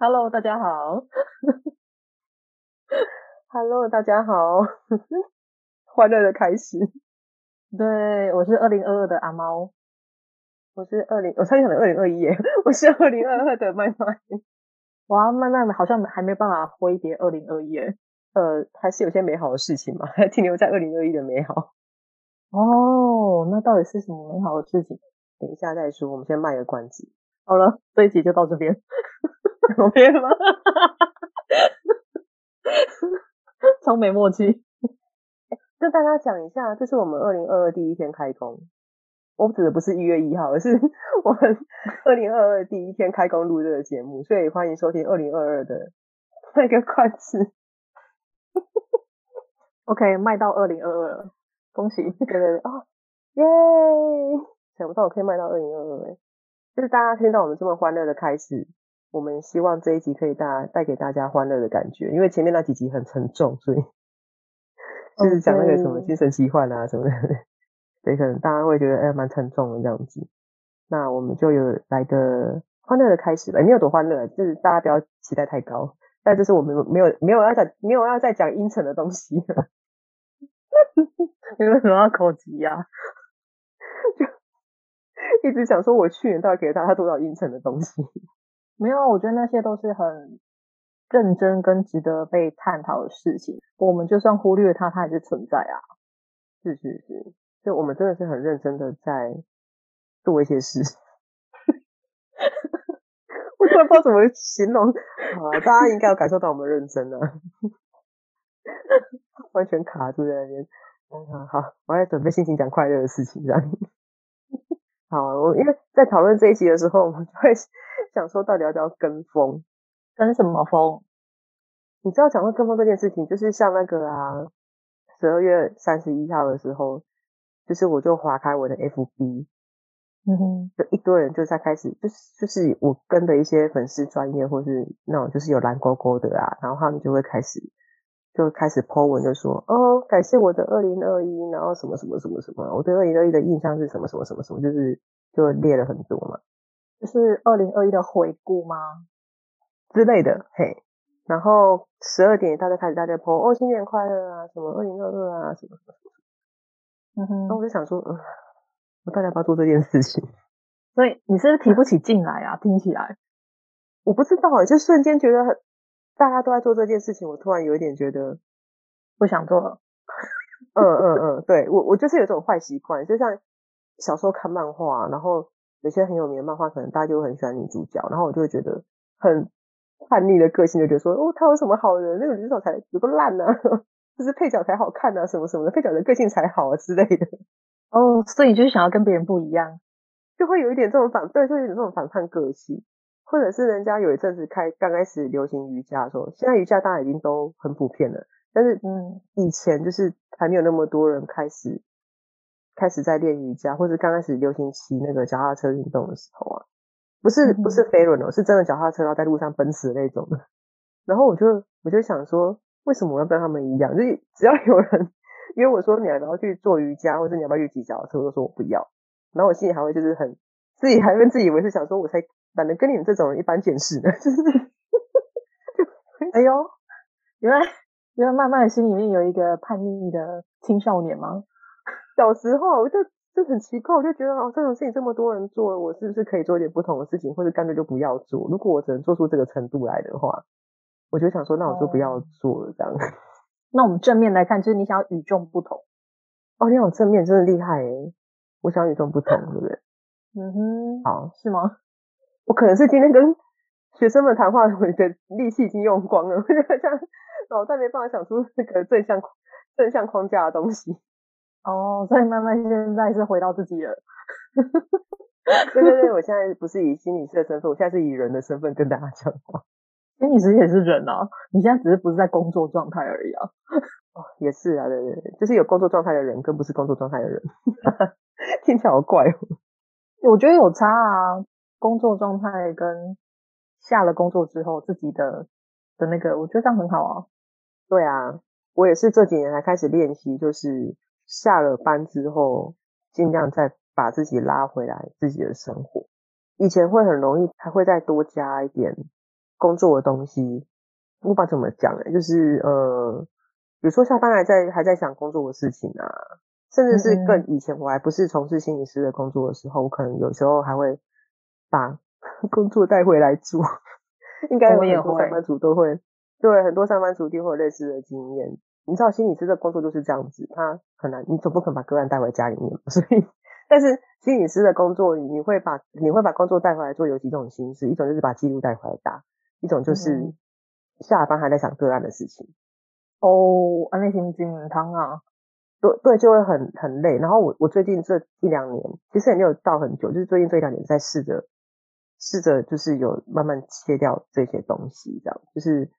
Hello，大家好。 Hello，大家好。 歡樂的開始，對，我是二零二二的阿貓。我是二零，我差點講成二零二一耶。我是二零二二的麥麥。 哇，麥麥好像還沒辦法揮別二零二一耶。呃，還是有些美好的事情嘛，還停留在二零二一的美好。哦，那到底是什麼美好的事情？等一下再說，我們先賣個關子。好了，這一集就到這邊。 怎麼變嗎？哈哈哈哈哈！超沒默契、 欸。跟大家講一下，這是我們二零二二第一天開工。我指的不是一月一號，而是我們二零二二第一天開工錄製的節目，所以歡迎收聽二零二二的那個快始。 OK，麥到二零二二了，恭喜！對對對，哦，耶！想不到我可以麥到二零二二，哎，就是大家聽到我們這麼歡樂的開始。我們希望這一集可以大帶給大家歡樂的感覺，因為前面那幾集很沉重，所以就是講那個什麼精神疾患啊什麼的，所、okay. 以可能大家會覺得誒蠻、欸、沉重的這樣子。那我們就有來個歡樂的開始吧，欸、沒有多歡樂，就是大家不要期待太高。但就是我們沒有沒有，沒有要講沒有要再講陰沉的東西了。 你為什麼要口急呀？啊？就 一直想說我去年到底給了他，他多少陰沉的東西？沒有，我覺得那些都是很認真跟值得被探討的事情。我們就算忽略它，它還是存在啊，是是是。就我們真的是很認真的在做一些事。 我突然不知道怎麼形容， 大家應該有感受到我們認真了、啊， 完全卡住在那邊。嗯，好，好我還要準備心情講快樂的事情，這樣。好，我因為在討論這一集的時候，我們就會。想說到底要不要跟風？跟什麼風？你知道講到跟風這件事情，就是像那個啊，十二月三十一號的時候，就是我就劃開我的 FB，嗯哼，就一堆人就在開始，就是就是我跟的一些粉絲專業或是那種就是有藍勾勾的啊，然後他們就會開始就開始 po 文，就說哦，感謝我的二零二一，然後什麼什麼什麼什麼，我對二零二一的印象是什麼什麼什麼什麼，就是就列了很多嘛。就是二零二一的回顧嗎之類的，嘿。然後十二點大家開始大家 po、哦，哦新年快樂啊，什麼二零二二啊什麼。嗯哼。那我就想說，呃，我大概不要做這件事情。所以你是不是提不起勁來啊、呃？聽起來，我不知道，就瞬間覺得大家都在做這件事情，我突然有一點覺得不想做了。 嗯嗯嗯，對我我就是有這種壞習慣，就像小時候看漫畫，然後。有些很有名的漫畫，可能大家就很喜歡女主角，然後我就會覺得很叛逆的個性，就覺得說，哦，他有什麼好的，那個女主角才有個爛呢？就是配角才好看呢，啊，什麼什麼的，配角的個性才好啊之類的。哦，所以就是想要跟別人不一樣，就會有一點這種反對，就有點這種反叛個性。或者是人家有一陣子開，剛開始流行瑜伽的時候，現在瑜伽大家已經都很普遍了，但是嗯，以前就是還沒有那麼多人開始。開始在練瑜伽，或是剛開始流行騎那個腳踏車運動的時候啊，不是嗯嗯，不是飛輪哦，是真的腳踏車，要在路上奔馳那種的。然後我就我就想說，為什麼我要跟他們一樣？就是只要有人，因為我說你要不要去做瑜伽，或者你要不要騎腳踏車，我都說我不要。然後我心裡還會就是很自己還跟自己，以為是想說，我才懶得跟你們這種人一般見識呢。就是， 哎呦，原來原來麥麥的心裡面有一個叛逆的青少年嗎？小時候我就就很奇怪，我就覺得哦，這種事情這麼多人做了，我是不是可以做一點不同的事情，或者乾脆就不要做？如果我只能做出這個程度來的話，我就想說，那我就不要做了。這樣，哦、 那我們正面來看，就是你想要與眾不同哦。你看我正面真的厲害誒、欸、我想要與眾不同，對不對？嗯哼，好，是嗎？我可能是今天跟學生們談話，我的力氣已經用光了，我就很想，腦袋我再沒辦法想出那個正向正向框架的東西。哦，所以麥麥現在是回到自己了。 對對對，我現在不是以心理師的身份，我現在是以人的身份跟大家講話。心理師也是人啊，你現在只是不是在工作狀態而已啊，哦、也是啊，對對對，就是有工作狀態的人，跟不是工作狀態的人， 聽起來好怪哦。我覺得有差啊，工作狀態跟下了工作之後自己的的那個，我覺得這樣很好啊。對啊，我也是這幾年才開始練習，就是。下了班之後，盡量再把自己拉回來自己的生活。以前會很容易，還會再多加一點工作的東西。我不知道怎麼講嘞、欸，就是呃，比如說下班還在還在想工作的事情啊，甚至是更以前我還不是從事心理師的工作的時候，我可能有時候還會把工作帶回來做。應該我也會，上班族都會。對，很多上班族都會有類似的經驗。你知道心理師的工作就是這樣子，他很難，你總不可能把個案帶回家裡面。所以，但是心理師的工作你，你會把你會把工作帶回來做，有幾種形式，一種就是把記錄帶回來打，一種就是下班還在想個案的事情。哦、嗯 oh, 啊，那湯啊，對對，就會很很累。然後我我最近這一兩年，其實也沒有到很久，就是最近這一兩年在試着試着，就是有慢慢切掉這些東西，這樣就是。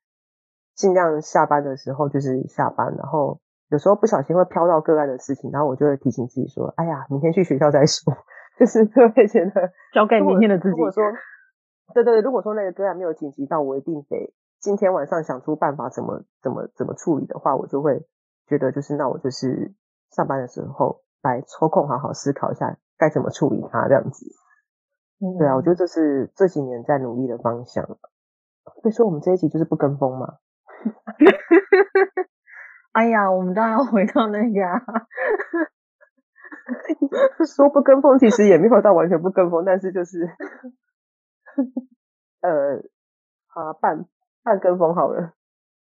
盡量下班的時候就是下班，然後有時候不小心會飄到個案的事情，然後我就會提醒自己說：“哎呀，明天去學校再說。 ”就是就會覺得交給明天的自己如，如果說 對對，如果說那個個案沒有緊急到我一定得今天晚上想出辦法怎麼怎麼怎麼處理的話，我就會覺得就是那我就是上班的時候來抽空好好思考一下該怎麼處理它這樣子。嗯。對啊，我覺得這是這幾年在努力的方向。所以說，我們這一集就是不跟風嘛。呵呵呵，哎呀，我們當然要回到那個啊。 說不跟風，其實也沒有到完全不跟風，但是就是， 呃，好啦，半半跟風好啦。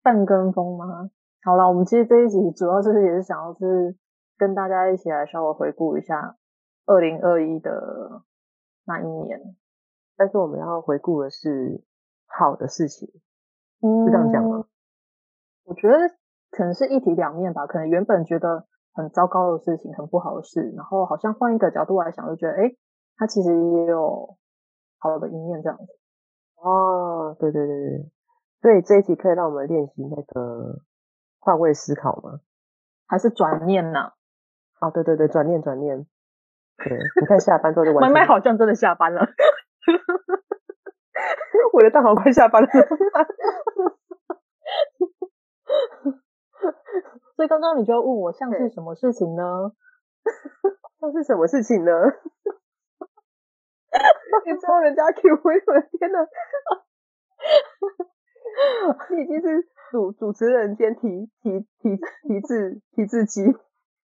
半跟風嗎？好啦，我們其實這一集主要就是也是想要是跟大家一起來稍微回顧一下二零二一的那一年，但是我們要回顧的是好的事情，嗯、是這樣講嗎？我覺得可能是一體兩面吧，可能原本覺得很糟糕的事情、很不好的事，然後好像換一個角度來想，就覺得哎，它其實也有好的一面這樣子。哦，對對對對，所以這一題可以讓我們練習那個換位思考嗎？還是轉念呢、啊？啊，對對對，轉念轉念。對，你看下班之後就完。麥 麥好像真的下班了。 我的大好快下班了。 所以剛剛你就要問我，像是什麼事情呢？像是什麼事情呢？ 情呢 你抄人家 cue，我的天哪！ 你已經是主主持人兼提提提提字機，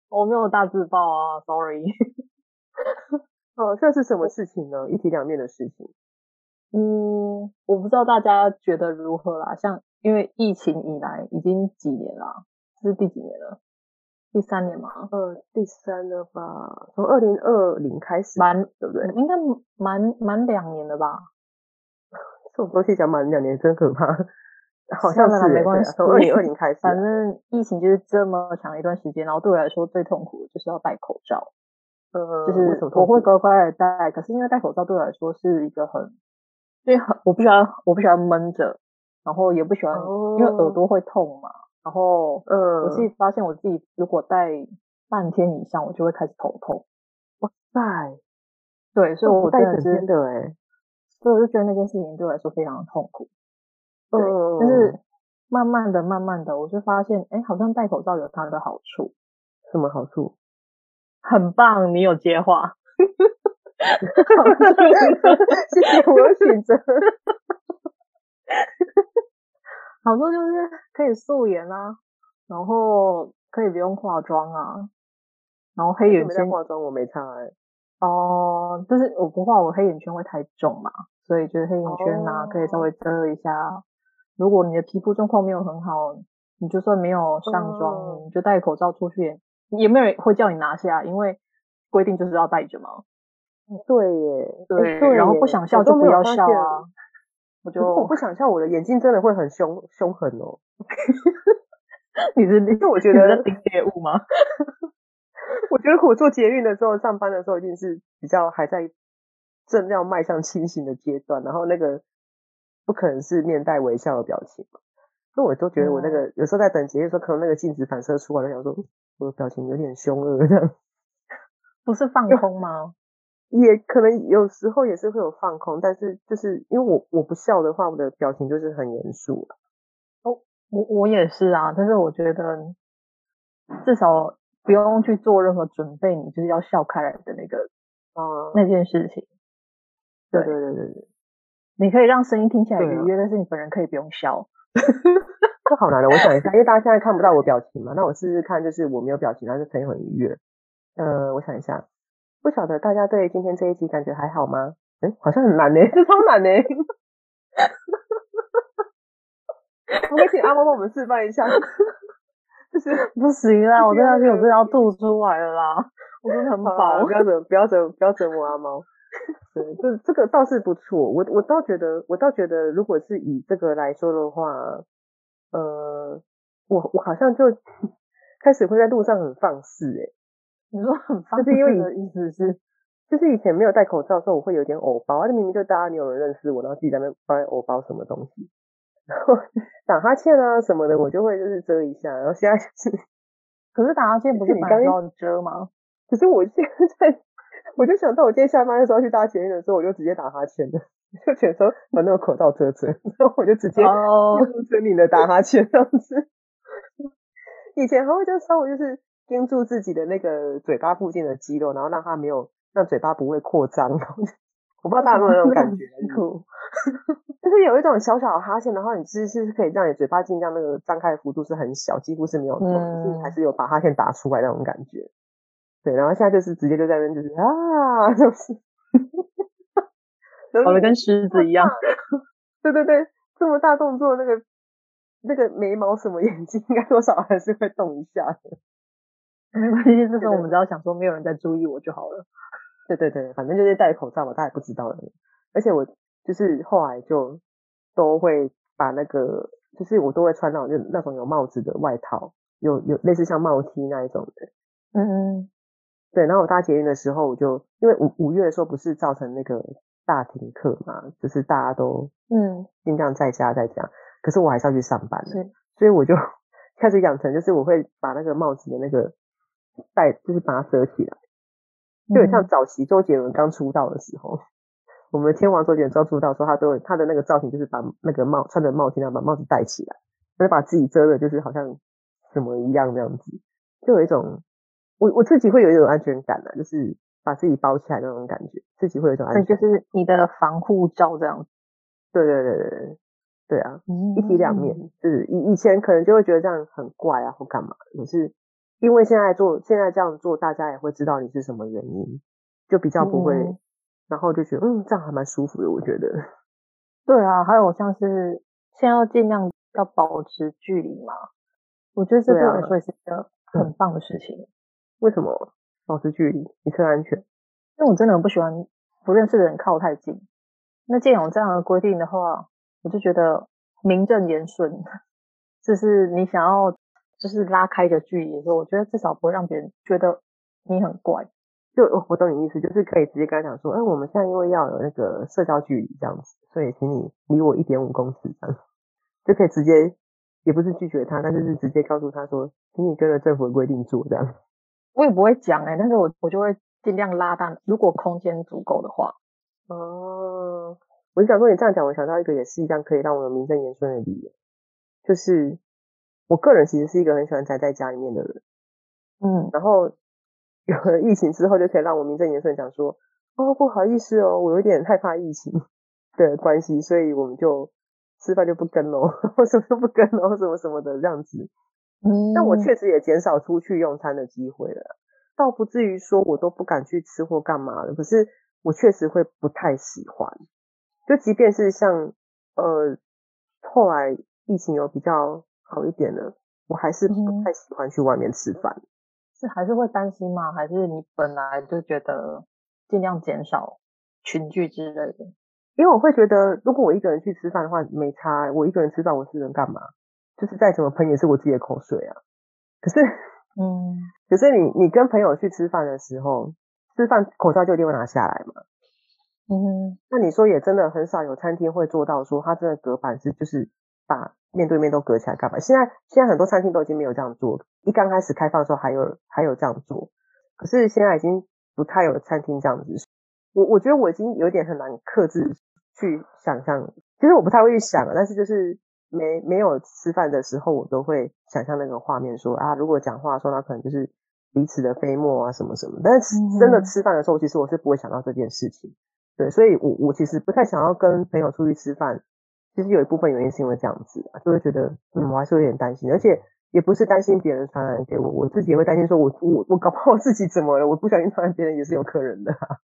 我、 oh, 沒有大字報啊，Sorry。哦、 嗯，像是什麼事情呢？一體兩面的事情。嗯，我不知道大家覺得如何啦。像因為疫情以來已經幾年了。這是第幾年了？第三年嘛，呃，第三了吧？從二零二零開始，蠻對不對？應該蠻蠻，蠻兩年的吧？這種東西講蠻兩年真可怕， 好像是。沒關係，從二零二零開始。 反正疫情就是這麼長一段時間，然後對我來說最痛苦的就是要戴口罩。呃，就是我會乖乖的戴，可是因為戴口罩對我來說是一個很，因為很我不喜歡我不喜歡悶着，然後也不喜歡、哦、因為耳朵會痛嘛。然後，嗯，我自己發現，我自己如果戴半天以上，我就會開始頭痛。哇塞！對，所以我戴整天的哎、嗯，所以我就覺得那件事情對我來說非常的痛苦。對嗯，但是慢慢的、慢慢的，我就發現，哎，好像戴口罩有它的好處。什麼好處？很棒，你有接話。謝 謝好吃，我有選擇。好多就是可以素顏啊，然後可以不用化妝啊，然後黑眼圈沒化妝我沒擦、欸，哦、呃，但是我不化我黑眼圈會太重嘛，所以就是黑眼圈啊、哦、可以稍微遮一下。如果你的皮膚狀況沒有很好，你就算沒有上妝，哦、你就戴口罩出去，也沒有人會叫你拿下，因為規定就是要戴着嘛。對耶，對，欸、對，然後不想笑就不要笑啊。我，就我不想笑，我的眼睛真的會很凶凶狠哦。 你的，你是我覺得。的冰潔物嗎？ 我覺得我坐捷運的時候、上班的時候，一定是比較還在正要邁向清醒的階段，然後那個不可能是面帶微笑的表情嘛。那我就覺得我那個、嗯、有時候在等捷運的時候，可能那個鏡子反射出來的，我想說我的表情有點凶惡的這樣。不是放空嗎？也可能有時候也是會有放空，但是就是因為我我不笑的話，我的表情就是很嚴肅。哦，我我也是啊，但是我覺得至少不用去做任何準備，你就是要笑開來的那個，嗯，那件事情。對對，對對對對，你可以讓聲音聽起來愉悅，但是你本人可以不用笑。 這好難的，我想一下，因 為大家現在看不到我表情嘛，那我試試看，就是我沒有表情，但是聲音很愉悅。呃，我想一下。不曉得大家對今天這一集感覺還好嗎？哎、欸，好像很難呢、欸，這超難呢、欸。哈哈哈哈哈！我們請阿貓幫我們示範一下？ 就是 不行啦，我這樣去我真的要吐出來了啦！我真的很飽，不要折，不要折，不要折磨阿貓。 對，就這個倒是不錯。我我倒覺得，我倒覺得，如果是以這個來說的話，呃，我我好像就開始會在路上很放肆誒、欸你說很方便，就是因為你的意思是，就是以前沒有戴口罩的時候，我會有點偶包，那明明就大家沒有人認識我，然後自己在那翻偶包什麼東西，然後打哈欠啊什麼的，我就會就是遮一下，然後現在就是，可是打哈欠不是你剛剛要遮嗎？可是我現在，我就想到我今天下班的時候去搭捷運的時候，我就直接打哈欠的，就全程把那個口罩遮著，然後我就直接用遮你的打哈欠這樣子，以前還會就稍微就是。盯住自己的那個嘴巴附近的肌肉，然後讓它沒有讓嘴巴不會擴張。我不知道大家有沒有這種感覺， 就是有一種小小的哈欠，然後你其實是可以讓你嘴巴儘量那個張開的幅度是很小，幾乎是沒有那種，但、嗯、是還是有把哈欠打出來那種感覺。對，然後現在就是直接就在那邊，就是啊，就是，好 像跟獅子一樣。 對對對，這麼大動作，那個那個眉毛什麼眼睛，應該多少還是會動一下的。沒關係，那時候我們只要想說沒有人在注意我就好了。對對對，反正就是戴口罩嘛，我大家也不知道了。而且我就是後來就都會把那個，就是我都會穿那種那種有帽子的外套，有有類似像帽 T 那一種的。嗯，對。然後我搭捷運的時候，我就因為五五月的時候不是造成那個大停課嘛，就是大家都嗯盡量在家在家，嗯，可是我還是要去上班，所以我就開始養成就是我會把那個帽子的那個。戴就是把它遮起來，就很像早期周杰倫剛出道的時候。嗯、我們天王周杰倫剛出道時候，他都他的那個造型就是把那個帽，穿着帽子然後把帽子戴起來，那就把自己遮了，就是好像什麼一樣這樣子，就有一種我我自己會有一種安全感的、啊、就是把自己包起來那種感覺，自己會有一種安全感，感、嗯，就是你的防護罩這樣子。對對對對對啊，嗯、一體兩面，就是以以前可能就會覺得這樣很怪啊或幹嘛，可是。因為現在做，現在這樣做，大家也會知道你是什麼原因，就比較不會，嗯、然後就覺得嗯，這樣還蠻舒服的，我覺得。對啊，還有像是現在盡量要保持距離嘛，我覺得這對我來說也是一個很棒的事情。為什麼保持距離？以策安全。因為我真的很不喜歡不認識的人靠太近。那既然有這樣的規定的話，我就覺得名正言順，這是你想要。就是拉開的距離，所以我覺得至少不會讓別人覺得你很怪。就我懂你意思，就是可以直接跟他講說：“哎、啊，我們現在因為要有那個社交距離這樣子，所以請你離我一點五公尺這樣。”就可以直接，也不是拒絕他，但是是直接告訴他說：“請你跟着政府的規定做這樣。”我也不會講哎、欸，但是我我就會儘量拉大，如果空間足夠的話。哦、嗯，我就想說你這樣講，我想到一個也是一樣可以讓我有名正言順的理由，就是。我個人其實是一個很喜歡宅在家裡面的人，嗯，然後有了疫情之後，就可以讓我名正言順講說，哦，不好意思哦，我有點害怕疫情的關係，所以我們就吃飯就不跟嘍，或什麼都不跟嘍，什麼什麼的這樣子。嗯，但我確實也減少出去用餐的機會了，倒不至於說我都不敢去吃或幹嘛了，可是我確實會不太喜歡，就即便是像，呃，後來疫情有比較。好一點了，我還是不太喜歡去外面吃飯。嗯，是還是會擔心嗎？還是你本來就覺得盡量減少群聚之類的？因為我會覺得，如果我一個人去吃飯的話，沒差。我一個人吃飯，我是能幹嘛？就是再怎麼噴，也是我自己的口水啊。可是，嗯，可是你你跟朋友去吃飯的時候，吃飯口罩就一定會拿下來嘛？嗯，那你說也真的很少有餐廳會做到，說他真的隔板是就是把。面對面都隔起來幹嘛？現在現在很多餐廳都已經沒有這樣做。一剛開始開放的時候還有還有這樣做，可是現在已經不太有餐廳這樣子。我我覺得我已經有點很難克制去想象，其實我不太會去想，但是就是沒沒有吃飯的時候，我都會想象那個畫面說，說啊，如果講話說那可能就是彼此的飛沫啊什麼什麼。但是真的吃飯的時候，其實我是不會想到這件事情。對，所以我我其實不太想要跟朋友出去吃飯。其實有一部分原因是因為這樣子啊，就會覺得嗯，我、嗯、還是有點擔心，而且也不是擔心別人傳染給我，我自己也會擔心說我，我我我搞不好自己怎麼了，我不小心傳染別人也是有可能的、啊，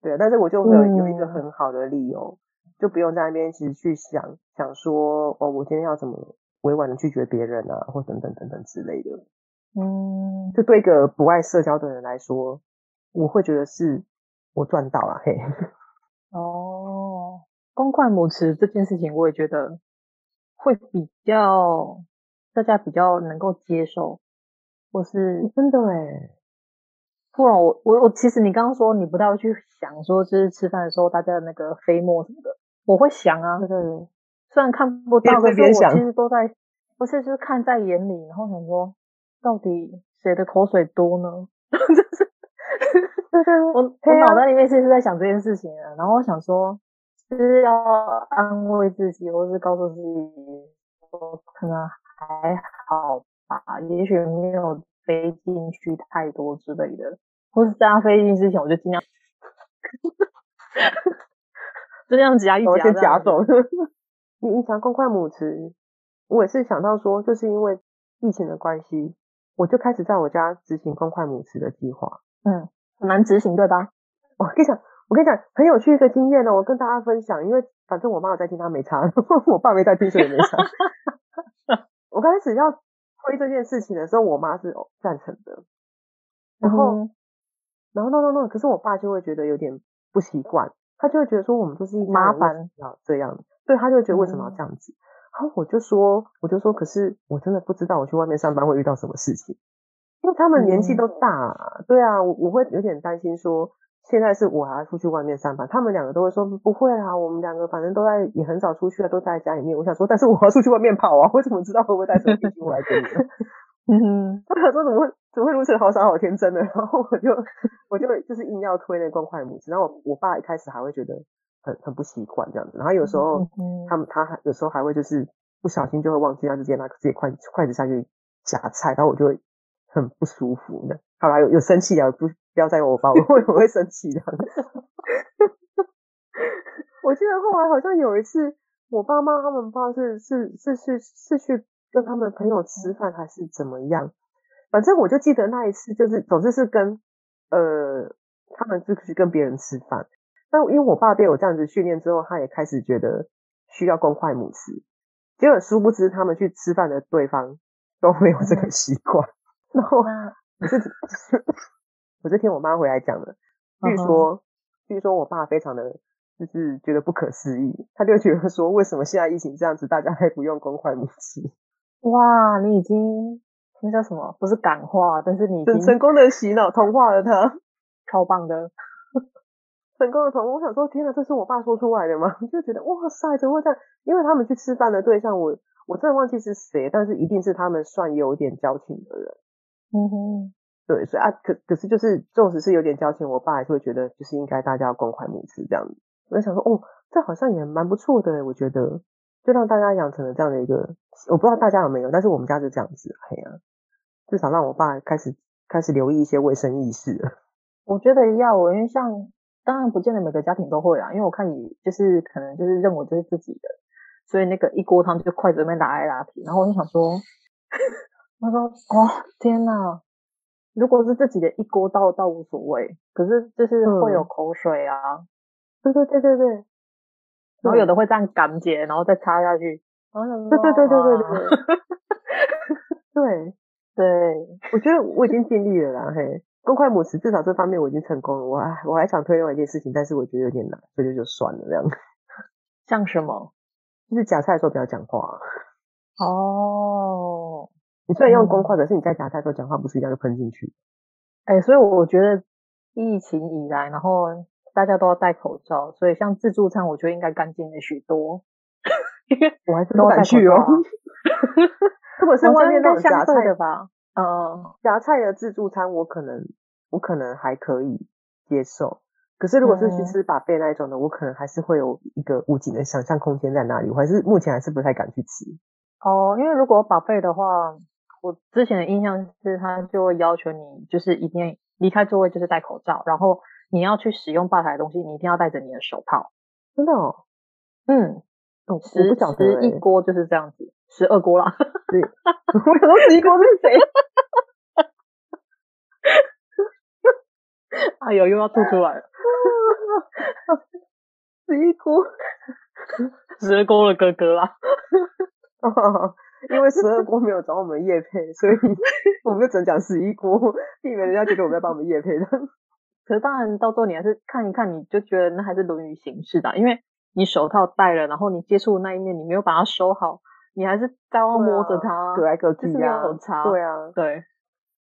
對啊。但是我就會有一個很好的理由，嗯、就不用在那邊一直去想想說，哦，我今天要怎麼委婉地拒絕別人啊，或等等等等之類的。嗯，就對一個不愛社交的人來說，我會覺得是我賺到了、啊、嘿。哦。公筷母匙這件事情，我也覺得會比較大家比較能夠接受，我是真的誒，不然我我我其實你剛剛說你不太會去想說，就是吃飯的時候大家的那個飛沫什麼的，我會想啊，對、對、對，雖然看不到，但是我其實都在，不是就是看在眼裡，然後想說到底誰的口水多呢？ 就是就是、我我、啊、我腦袋裡面其實是在想這件事情啊，然後我想說。就是要安慰自己，或是告訴自己，可能還好吧，也許沒有飛進去太多之類的，或是在他飛進去之前，我就儘量， 就這樣子啊，抑一我先夾走你 你想公筷母匙我也是想到說，就是因為疫情的關係，我就開始在我家執行公筷母匙的計劃。嗯，很難執行對吧？我跟你講我跟你講，很有趣一個經驗呢，我跟大家分享，因為反正我媽有在聽，她沒差呵呵；我爸沒在聽，所以也沒差。 我剛開始要推這件事情的時候，我媽是、哦、贊成的，然後，嗯、然後，no n、no, no, 可是我爸就會覺得有點不習慣，他就會覺得說我們都、就是麻煩要這樣，對，他就會覺得為什麼要這樣子、嗯。然後我就說，我就說，可是我真的不知道，我去外面上班會遇到什麼事情，因為他們年紀都大，嗯、對啊，我我會有點擔心說。現在是我還要出去外面上班，他們兩個都會說不會啊，我們兩個反正都在，也很少出去了、啊，都在家裡面。我想說，但是我要出去外面跑啊，我怎麼知道會不會帶什麼東西過來給你呢？嗯， 他們說，怎麼會，怎麼會如此好傻好天真的？然後我就我就就是硬要推那公筷母匙，然後我，我爸一開始還會覺得很很不習慣這樣子，然後有時候 他們他有時候還會就是不小心就會忘記直接拿自己筷子筷筷子下去夾菜，然後我就會很不舒服的。好啦，有有生氣啊不。不要再問我爸，我我會生氣的、啊。 我記得後來好像有一次，我爸媽他們爸是是是是是去跟他們朋友吃飯還是怎麼樣？反正我就記得那一次，就是總之是,是跟呃他們就去跟別人吃飯。但因為我爸被我這樣子訓練之後，他也開始覺得需要公筷母匙。結果殊不知，他們去吃飯的對方都沒有這個習慣。那我，我是聽我媽回來講的，據說，uh -huh. 據說我爸非常的，就是覺得不可思議，他就覺得說，為什麼現在疫情這樣子，大家還不用公筷母匙？哇，你已經那叫什麼？不是感化，但是你很成功的洗腦、同化了他，超棒的， 成功的同化。我想說，天啊，這是我爸說出來的嗎？就覺得哇塞，怎麼會這樣？因為他們去吃飯的對象，我我真的忘記是誰，但是一定是他們算有點交情的人。嗯哼。對，所以啊，可可是，就是縱使是有點交情，我爸還是會覺得就是應該大家要公筷母匙這樣子。我就想說，哦，這好像也蠻不錯的，我覺得就讓大家養成了這樣的一個，我不知道大家有沒有，但是我們家就這樣子，哎呀、啊，至少讓我爸開始開始留意一些衛生意識。我覺得要，我因為像當然不見得每個家庭都會啊，因為我看你就是可能就是認為就是自己的，所以那個一鍋湯就筷子在那邊拉來拉去，然後我就想說，我說哦，天哪、啊！如果是自己的一鍋倒倒無所謂，可是就是會有口水啊，對、嗯、對對對對，然後有的會這樣感覺然後再插下去，啊啊，對對對對對對， 對，對我覺得我已經盡力了， 了啦，嘿，公筷母匙至少這方面我已經成功了，我還我還想推動一件事情，但是我覺得有點難，所以就算了這樣。像什麼？就是夾菜的時候不要講話，啊。哦。你雖然用公筷，可是你在夾菜的時候講話不是一樣就噴進去？哎、嗯欸，所以我我覺得疫情以來，然後大家都要戴口罩，所以像自助餐，我覺得應該乾淨了許多。 我還是不敢去哦。如 果是外面那種夾菜的吧，嗯，夾、呃、菜的自助餐，我可能我可能還可以接受。可是如果是去吃 buffet 那一種的、嗯，我可能還是會有一個無盡的想象空間在那裡。我還是目前還是不太敢去吃。哦，因為如果 buffet 的話。我之前的印象是，他就會要求你，就是一定要離開座位，就是戴口罩，然後你要去使用吧台的東西，你一定要戴着你的手套。真的哦，嗯，哦、十我不十一鍋就是這樣子，十二鍋啦，對，我想說十一鍋是誰？哈哈哈哈哈哈！哎呦，又要吐出來了。 十一鍋，石二鍋的哥哥啦。哈 哈、哦。 因為石二鍋沒有找我們業配，所以我們就整講十一鍋， 以為人家覺得我們要幫我們業配的。 可是當然，到最後你還是看一看，你就覺得那還是流於形式的，因為你手套戴了，然後你接觸的那一面你沒有把它收好，你還是在外摸着它，可愛可很啊，對啊，對。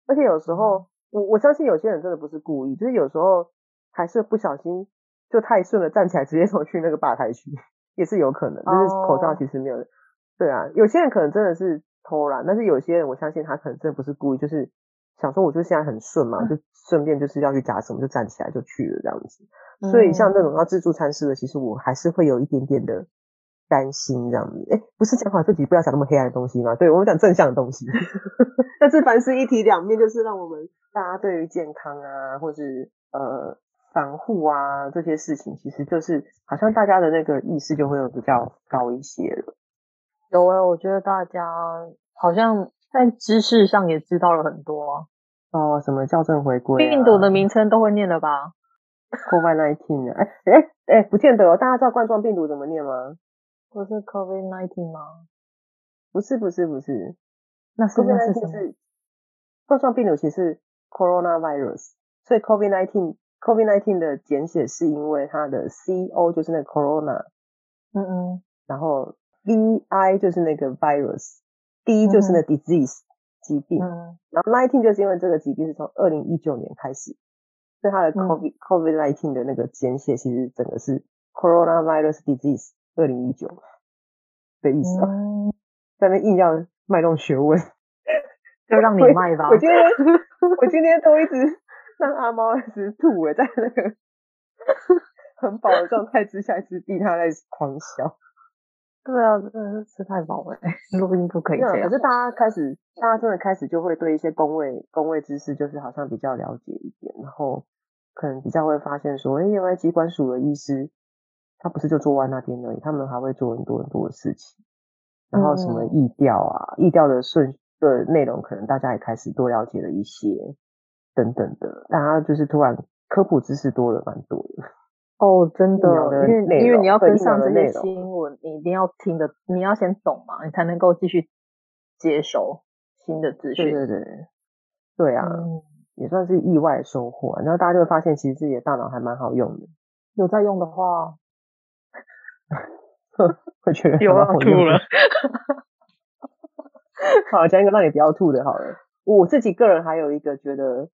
而且有時候，嗯、我我相信有些人真的不是故意，就是有時候還是不小心，就太順了，站起來直接走去那個吧台區，也是有可能，哦、就是口罩其實沒有。對啊，有些人可能真的是偷懶，但是有些人我相信他可能真的不是故意，就是想說我就現在很順嘛，就順便就是要去夾什麼，就站起來就去了這樣子。所以像這種要、嗯啊、自助餐式的，其實我還是會有一點點的擔心這樣子。哎、欸，不是講好自己不要講那麼黑暗的東西嗎？對，我們講正向的東西。 但是凡事一體兩面，就是讓我們大家對於健康啊，或者是呃防護啊這些事情，其實就是好像大家的那個意識就會有比較高一些了。有啊、欸，我覺得大家好像在知識上也知道了很多哦。什麼校正回歸、啊？病毒的名稱都會唸了吧？Covid nineteen，哎哎不見得哦。大家知道冠狀病毒怎麼唸嗎？不是 Covid nineteen 嗎？不是，不是，不是。那是冠狀病毒，冠狀病毒其實是 coronavirus，所以 Covid nineteen，Covid、嗯嗯、nineteen 的簡寫是因為它的 C O 就是那個 corona，嗯嗯，然後。V I 就是那個 virus，D 就是那個 disease、嗯、疾病，嗯、然後 nineteen 就是因為這個疾病是從二零一九年開始，所以它的 COVID、嗯、COVID nineteen 的那個簡寫其實整個是 Coronavirus Disease 二零一九的意思啊，嗯、在那硬要賣弄學問，就讓你賣吧。我，我今天 我今天都一直讓阿貓一直吐了，在那個很飽的狀態之下一直逼它在狂笑。對啊、嗯，吃太飽哎，錄音不，不可以，可是大家開始，大家真的開始就會對一些公衛、公衛知識，就是好像比較了解一點，然後可能比較會發現說，哎，原來機關署的醫師，他不是就坐在那邊而已，他們還會做很多很多的事情，然後什麼疫調啊、疫、嗯、調的順的內容，可能大家也開始多了解了一些等等的，大家就是突然科普知識多了蠻多的。哦，真的，因為因為你要跟上這些新聞，你一定要聽得，你要先懂嘛，你才能夠繼續接收新的資訊。對對對，對啊，嗯、也算是意外收穫、啊。然後大家就會發現，其實自己的大腦還蠻好用的，有在用的話， 我覺得有要吐了。 好，講一個讓你不要吐的，好了。我自己個人還有一個覺得，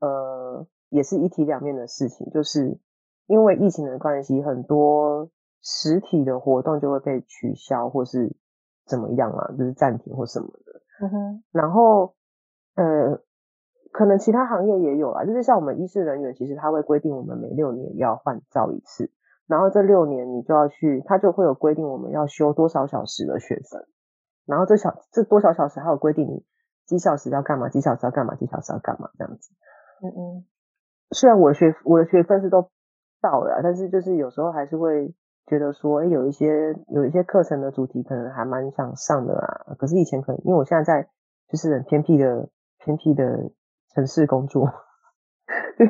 呃，也是一體兩面的事情，就是。因為疫情的關係，很多實體的活動就會被取消，或是怎麼樣啊，就是暫停或什麼的。嗯哼。然後，呃，可能其他行業也有啦。就是像我們醫事人員，其實他會規定我們每六年要換照一次，然後這六年你就要去，他就會有規定我們要修多少小時的學分，然後這小這多少小時還有規定你幾小時要幹嘛，幾小時要幹嘛，幾小時要幹嘛，幾小時要幹嘛這樣子。嗯嗯。雖然我的學我的學分是都。到了啊，但是就是有時候還是會覺得說，哎，有一些有一些課程的主題可能還蠻想上的啊。可是以前可能因為我現在在就是很偏僻的偏僻的城市工作就，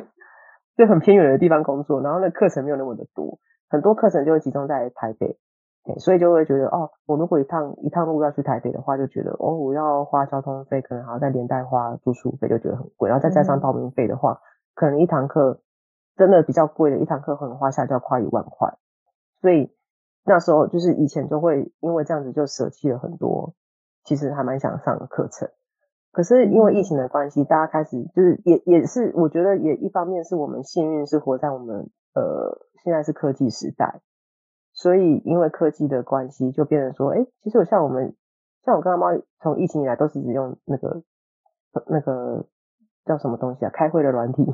就很偏遠的地方工作，然後那課程沒有那麼的多，很多課程就會集中在台北，所以就會覺得哦，我如果一趟一趟路要去台北的話，就覺得哦，我要花交通費，可能還要再連帶花住宿費，就覺得很貴，然後再加上報名費的話，嗯，可能一堂課。真的比較貴的，一堂課可能花下就要花一萬塊，所以那時候就是以前就會因為這樣子就捨棄了很多，其實還蠻想上的課程，可是因為疫情的關係，大家開始就是也也是，我覺得也一方面是我們幸運是活在我們呃現在是科技時代，所以因為科技的關係就變成說，哎、欸，其實我像我們像我跟阿貓從疫情以來都是一直用那個那個叫什麼東西啊，開會的軟體。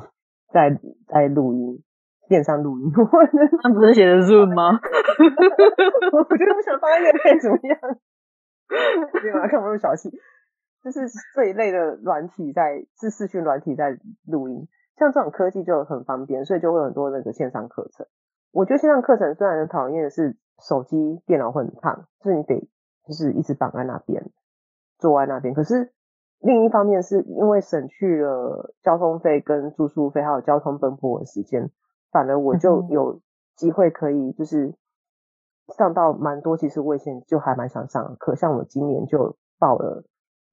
在在錄音，線上錄音，我 那不是寫的 Zoom 嗎？ 我覺得不想發這個會怎麼樣？ 沒有、啊、看我又小氣。就是這一類的軟體在是視訊軟體在錄音，像這種科技就很方便，所以就會有很多那個線上課程。我覺得線上課程雖然很討厭的是手機電腦會很燙，就是你得就是一直綁在那邊，坐在那邊，可是。另一方面是因為省去了交通費跟住宿費，還有交通奔波的時間，反而我就有機會可以就是上到蠻多。其實我以前就還蠻想上可像我今年就報了，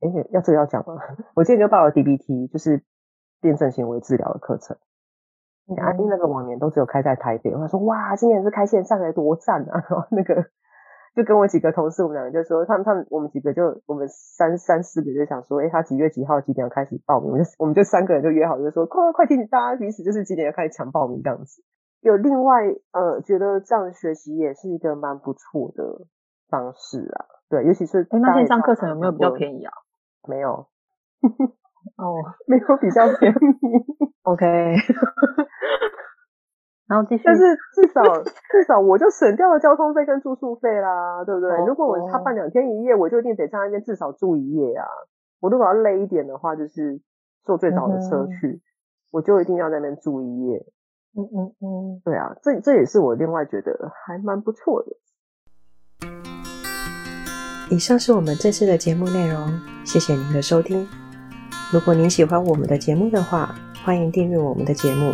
哎，要這個要講嗎？我今年就報了 DBT，就是辯證行為治療的課程。安、嗯、妮那個往年都只有開在台北，我說哇，今年是開線上來，多讚啊！然後那個。就跟我幾個同事，我們兩個就說，他們他們我們幾個就我們三三四個就想說，哎、欸，他幾月幾號幾點要開始報名？我就我們就三個人就約好，就說快快點，大家彼此就是幾點要開始搶報名這樣子。有另外呃，覺得這樣學習也是一個蠻不錯的方式啊。對，尤其是哎、欸，那線上課程有沒有比較便宜啊？沒有。哦、 oh.，沒有比較便宜。OK。 然後繼續，但是至少 至少我就省掉了交通費跟住宿費啦，對不對？Oh, oh. 如果我他辦兩天一夜，我就一定得在那邊至少住一夜啊。我如果要累一點的話，就是坐最早的車去，mm -hmm. 我就一定要在那邊住一夜。嗯嗯嗯，對啊，這這也是我另外覺得還蠻不錯的。以上是我們這次的節目內容，謝謝您的收聽。如果您喜歡我們的節目的話，歡迎訂閱我們的節目。